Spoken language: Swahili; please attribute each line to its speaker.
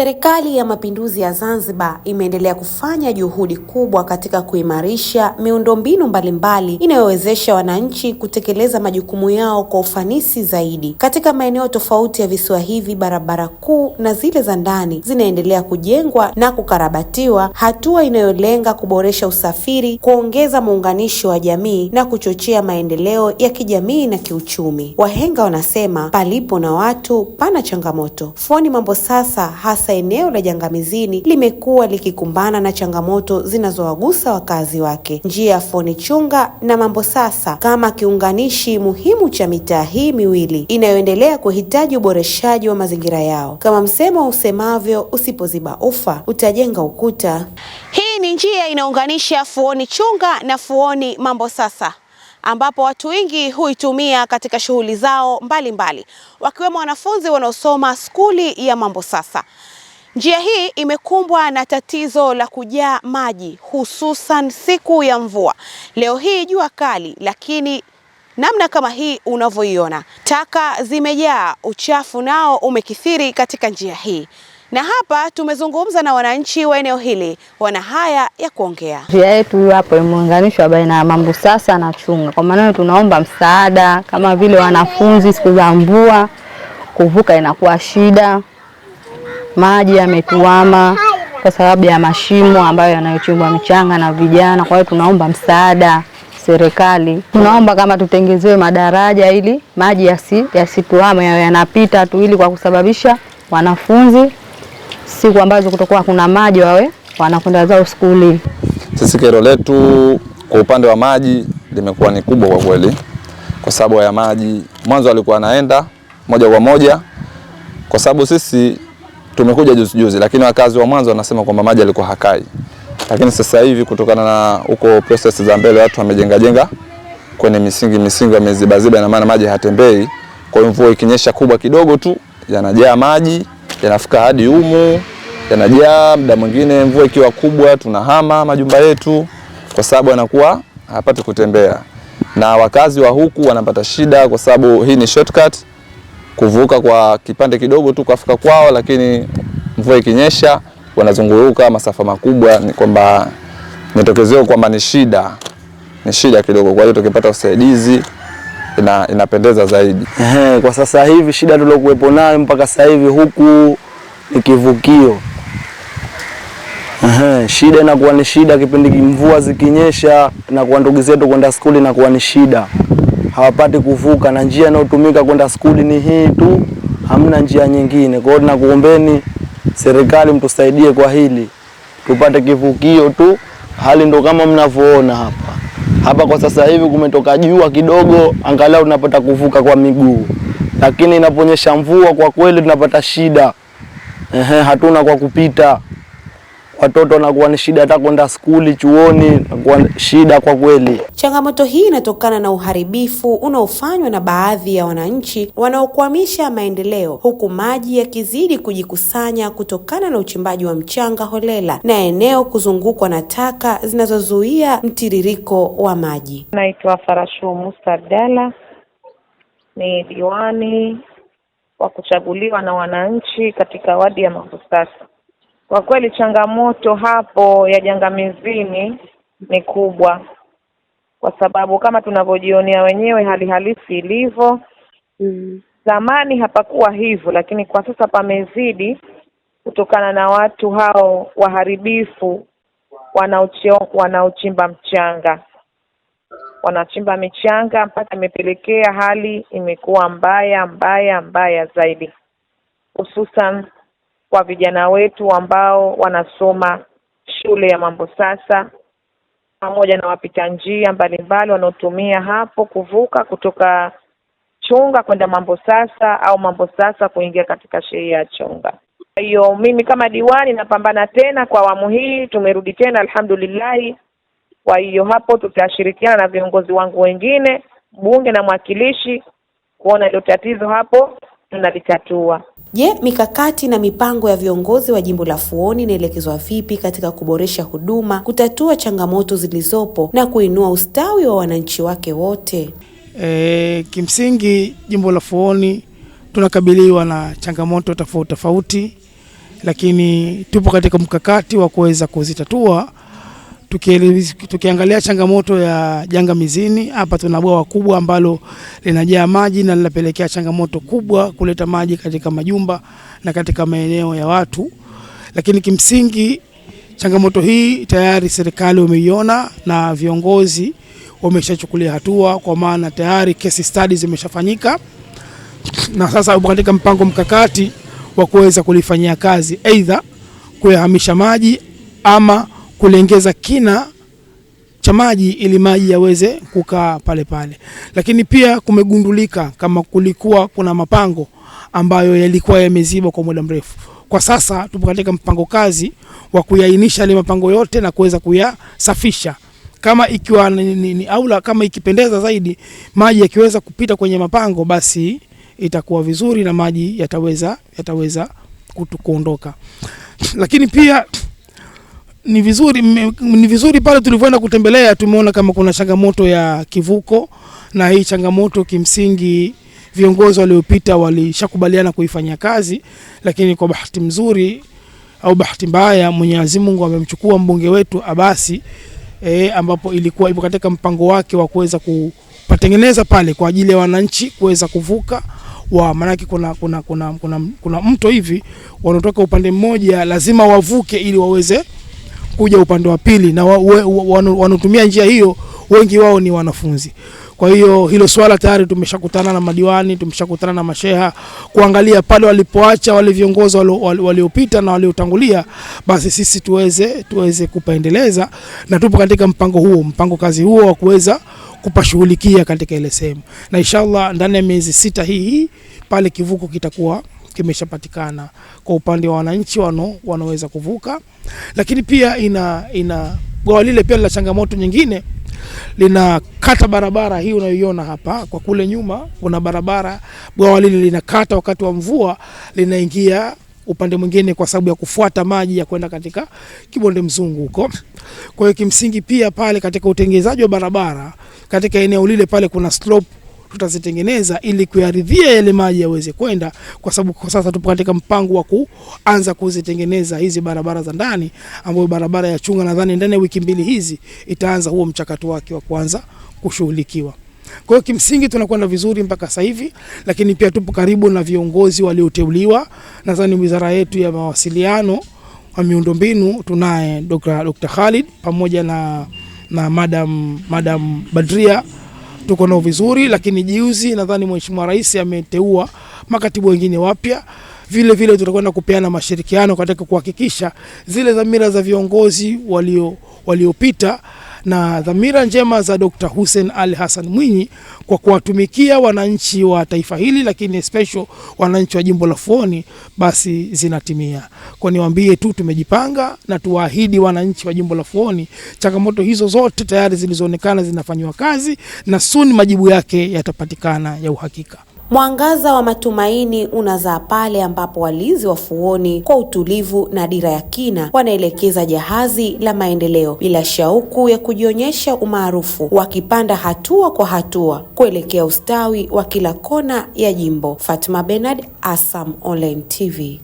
Speaker 1: Serikali ya Mapinduzi ya Zanzibar imeendelea kufanya juhudi kubwa katika kuimarisha miundombinu mbalimbali inayowezesha wananchi kutekeleza majukumu yao kwa ufanisi zaidi. Katika maeneo tofauti ya visiwa hivi, barabara kuu na zile za ndani zinaendelea kujengwa na kukarabatiwa, hatua inayolenga kuboresha usafiri, kuongeza muunganisho wa jamii na kuchochea maendeleo ya kijamii na kiuchumi. Wahenga wanasema palipo na watu pana changamoto. Fuoni Mambo Sasa hasa hasa eneo la Jangamizini limekuwa likikumbana na changamoto zinazowagusa wakazi wake. Njia ya Foni Chunga na Mambo Sasa kama kiunganishi muhimu cha mitaa hii miwili inayoendelea kuhitaji uboreshaji wa mazingira yao, kama msemo usemavyo, usipoziba ufa utajenga ukuta.
Speaker 2: Hii ni njia inaunganisha Fuoni Chunga na Fuoni Mambo Sasa ambapo watu wengi huitumia katika shughuli zao mbalimbali, wakiwemo wanafunzi wanaosoma skuli ya Mambo Sasa. Njia hii imekumbwa na tatizo la kujaa maji hususan siku ya mvua. Leo hii jua kali, lakini namna kama hii unavyoiona, taka zimejaa, uchafu nao umekithiri katika njia hii. Na hapa tumezungumza na wananchi wa eneo hili, wana haya ya kuongea.
Speaker 3: Njia yetu hiyo hapo imeunganishwa baina ya mambo sasa na Chunga, kwa maana tunaomba msaada kama vile wanafunzi, siku za mvua kuvuka inakuwa shida, maji yametuama kwa sababu ya mashimo ambayo yanayochimbwa michanga na vijana. Kwa hiyo tunaomba msaada serikali, tunaomba kama tutengezewe madaraja ili maji yasituame, yasi yawe yanapita tu, ili kwa kusababisha wanafunzi siku ambazo kutokuwa kuna maji wawe wanakwenda zao skuli.
Speaker 4: Sisi kero letu kwa upande wa maji limekuwa ni kubwa kwa kweli, kwa sababu ya maji mwanzo alikuwa anaenda moja kwa moja, kwa sababu sisi tumekuja juzi juzi, lakini wakazi wa mwanzo wanasema kwamba maji alikuwa hakai, lakini sasa hivi kutokana na huko process za mbele watu wamejenga jenga kwenye misingi misingi wamezibaziba, na maana maji hatembei. Kwa hiyo mvua ikinyesha kubwa kidogo tu yanajaa maji yanafika hadi humu, yanajaa. Muda mwingine mvua ikiwa kubwa tunahama majumba yetu, kwa sababu anakuwa hapati kutembea, na wakazi wa huku wanapata shida, kwa sababu hii ni shortcut kuvuka kwa kipande kidogo tu kufika kwao, lakini mvua ikinyesha wanazunguruka masafa makubwa, ni kwamba nitokezeo kwamba ni shida, ni shida kidogo. Kwa hiyo tukipata usaidizi ina, inapendeza zaidi.
Speaker 5: Ehe, kwa sasa hivi shida tuliokuwepo nayo mpaka sasa hivi huku ni kivukio. Ehe, shida inakuwa ni shida kipindi mvua zikinyesha, inakuwa ndugu zetu kwenda skuli inakuwa ni shida, hawapati kuvuka na njia inayotumika kwenda skuli ni hii tu, hamna njia nyingine. Kwa hiyo tunakuombeni serikali mtusaidie kwa hili tupate kivukio tu, hali ndo kama mnavyoona hapa. Hapa kwa sasa hivi kumetoka jua kidogo, angalau tunapata kuvuka kwa miguu, lakini inaponyesha mvua kwa kweli tunapata shida. Ehe, hatuna kwa kupita watoto wanakuwa ni shida hata kwenda skuli, chuoni, nakuwa shida kwa kweli.
Speaker 1: Changamoto hii inatokana na uharibifu unaofanywa na baadhi ya wananchi wanaokwamisha maendeleo, huku maji yakizidi kujikusanya kutokana na uchimbaji wa mchanga holela na eneo kuzungukwa na taka zinazozuia mtiririko wa maji.
Speaker 6: Naitwa Farashu Musa Abdalla, ni diwani wa kuchaguliwa na wananchi katika wadi ya Mangusasa. Kwa kweli changamoto hapo ya Jangamizini ni kubwa, kwa sababu kama tunavyojionea wenyewe hali halisi ilivyo. mm. hapakuwa hivyo, lakini kwa sasa pamezidi kutokana na watu hao waharibifu wanaochimba mchanga wanachimba michanga mpaka imepelekea hali imekuwa mbaya mbaya mbaya zaidi, hususan kwa vijana wetu ambao wanasoma shule ya mambo sasa, pamoja na wapita njia mbalimbali wanaotumia hapo kuvuka kutoka Chunga kwenda mambo sasa au mambo sasa kuingia katika shehia ya Chunga. Kwa hiyo mimi kama diwani napambana tena kwa awamu hii, tumerudi tena alhamdulillahi. Kwa hiyo hapo tutashirikiana na viongozi wangu wengine, bunge na mwakilishi, kuona hilo tatizo hapo tunavitatua.
Speaker 1: Je, mikakati na mipango ya viongozi wa jimbo la Fuoni inaelekezwa vipi katika kuboresha huduma, kutatua changamoto zilizopo na kuinua ustawi wa wananchi wake wote?
Speaker 7: E, kimsingi jimbo la Fuoni tunakabiliwa na changamoto tofauti tofauti, lakini tupo katika mkakati wa kuweza kuzitatua Tukiangalia changamoto ya Janga Mizini, hapa tuna bwawa kubwa ambalo linajaa maji na linapelekea changamoto kubwa kuleta maji katika majumba na katika maeneo ya watu, lakini kimsingi changamoto hii tayari serikali wameiona na viongozi wameshachukulia hatua, kwa maana tayari case studies zimeshafanyika na sasa upo katika mpango mkakati wa kuweza kulifanyia kazi, aidha kuyahamisha maji ama kulengeza kina cha maji ili maji yaweze kukaa pale pale, lakini pia kumegundulika kama kulikuwa kuna mapango ambayo yalikuwa yameziba kwa muda mrefu. Kwa sasa tupo katika mpango kazi wa kuyaainisha yale mapango yote na kuweza kuyasafisha kama ikiwa ni aula, kama ikipendeza zaidi maji yakiweza kupita kwenye mapango, basi itakuwa vizuri na maji yataweza yataweza kuondoka, lakini pia ni vizuri, ni vizuri pale tulivyoenda kutembelea tumeona kama kuna changamoto ya kivuko, na hii changamoto kimsingi viongozi waliopita walishakubaliana kuifanya kazi, lakini kwa bahati mzuri au bahati mbaya Mwenyezi Mungu amemchukua mbunge wetu Abasi e, ambapo ilikuwa ipo katika mpango wake wa kuweza kupatengeneza pale kwa ajili ya wananchi kuweza kuvuka wa maanake kuna, kuna, kuna, kuna, kuna mto hivi wanaotoka upande mmoja lazima wavuke ili waweze kuja upande wa pili, na wanaotumia njia hiyo wengi wao ni wanafunzi. Kwa hiyo hilo swala tayari tumeshakutana na madiwani, tumeshakutana na masheha kuangalia pale walipoacha wale viongozi waliopita na waliotangulia, basi sisi tuweze tuweze kupaendeleza, na tupo katika mpango huo, mpango kazi huo wa kuweza kupashughulikia katika ile sehemu, na inshallah ndani ya miezi sita hii pale kivuko kitakuwa kimeshapatikana kwa upande wa wananchi wano wanaweza kuvuka, lakini pia ina ina bwawa lile pia lina changamoto nyingine, linakata barabara hii unayoiona hapa. Kwa kule nyuma kuna barabara, bwawa lile linakata wakati wa mvua, linaingia upande mwingine kwa sababu ya kufuata maji ya kwenda katika Kibonde Mzungu huko. Kwa hiyo kimsingi pia pale katika utengenezaji wa barabara katika eneo lile pale kuna slope tutazitengeneza ili kuyaridhia yale maji yaweze kwenda, kwa sababu kwa sasa tupo katika mpango wa kuanza kuzitengeneza hizi barabara za ndani, ambayo barabara ya Chunga nadhani ndani ya wiki mbili hizi itaanza huo mchakato wake wa kuanza kushughulikiwa. Kwa hiyo kimsingi tunakwenda vizuri mpaka sasa hivi, lakini pia tupo karibu na viongozi walioteuliwa. Nadhani wizara yetu ya mawasiliano wa miundombinu tunaye Dr. Dr. Khalid pamoja na, na madam, madam Badria tuko nao vizuri, lakini juzi nadhani Mheshimiwa Rais ameteua makatibu wengine wapya vile vile tutakwenda kupeana mashirikiano katika kuhakikisha zile dhamira za viongozi walio waliopita na dhamira njema za Dr. Hussein Ali Hassan Mwinyi kwa kuwatumikia wananchi wa taifa hili, lakini especially wananchi wa jimbo la Fuoni basi zinatimia. Kwa niwaambie tu tumejipanga na tuwaahidi wananchi wa jimbo la Fuoni, changamoto hizo zote tayari zilizoonekana zinafanyiwa kazi na suni majibu yake yatapatikana ya uhakika. Mwangaza wa matumaini unazaa pale ambapo walinzi wa fuoni kwa utulivu na dira ya kina wanaelekeza jahazi la maendeleo bila shauku ya kujionyesha umaarufu, wakipanda hatua kwa hatua kuelekea ustawi wa kila kona ya jimbo. Fatma Bernard, ASAM Online TV.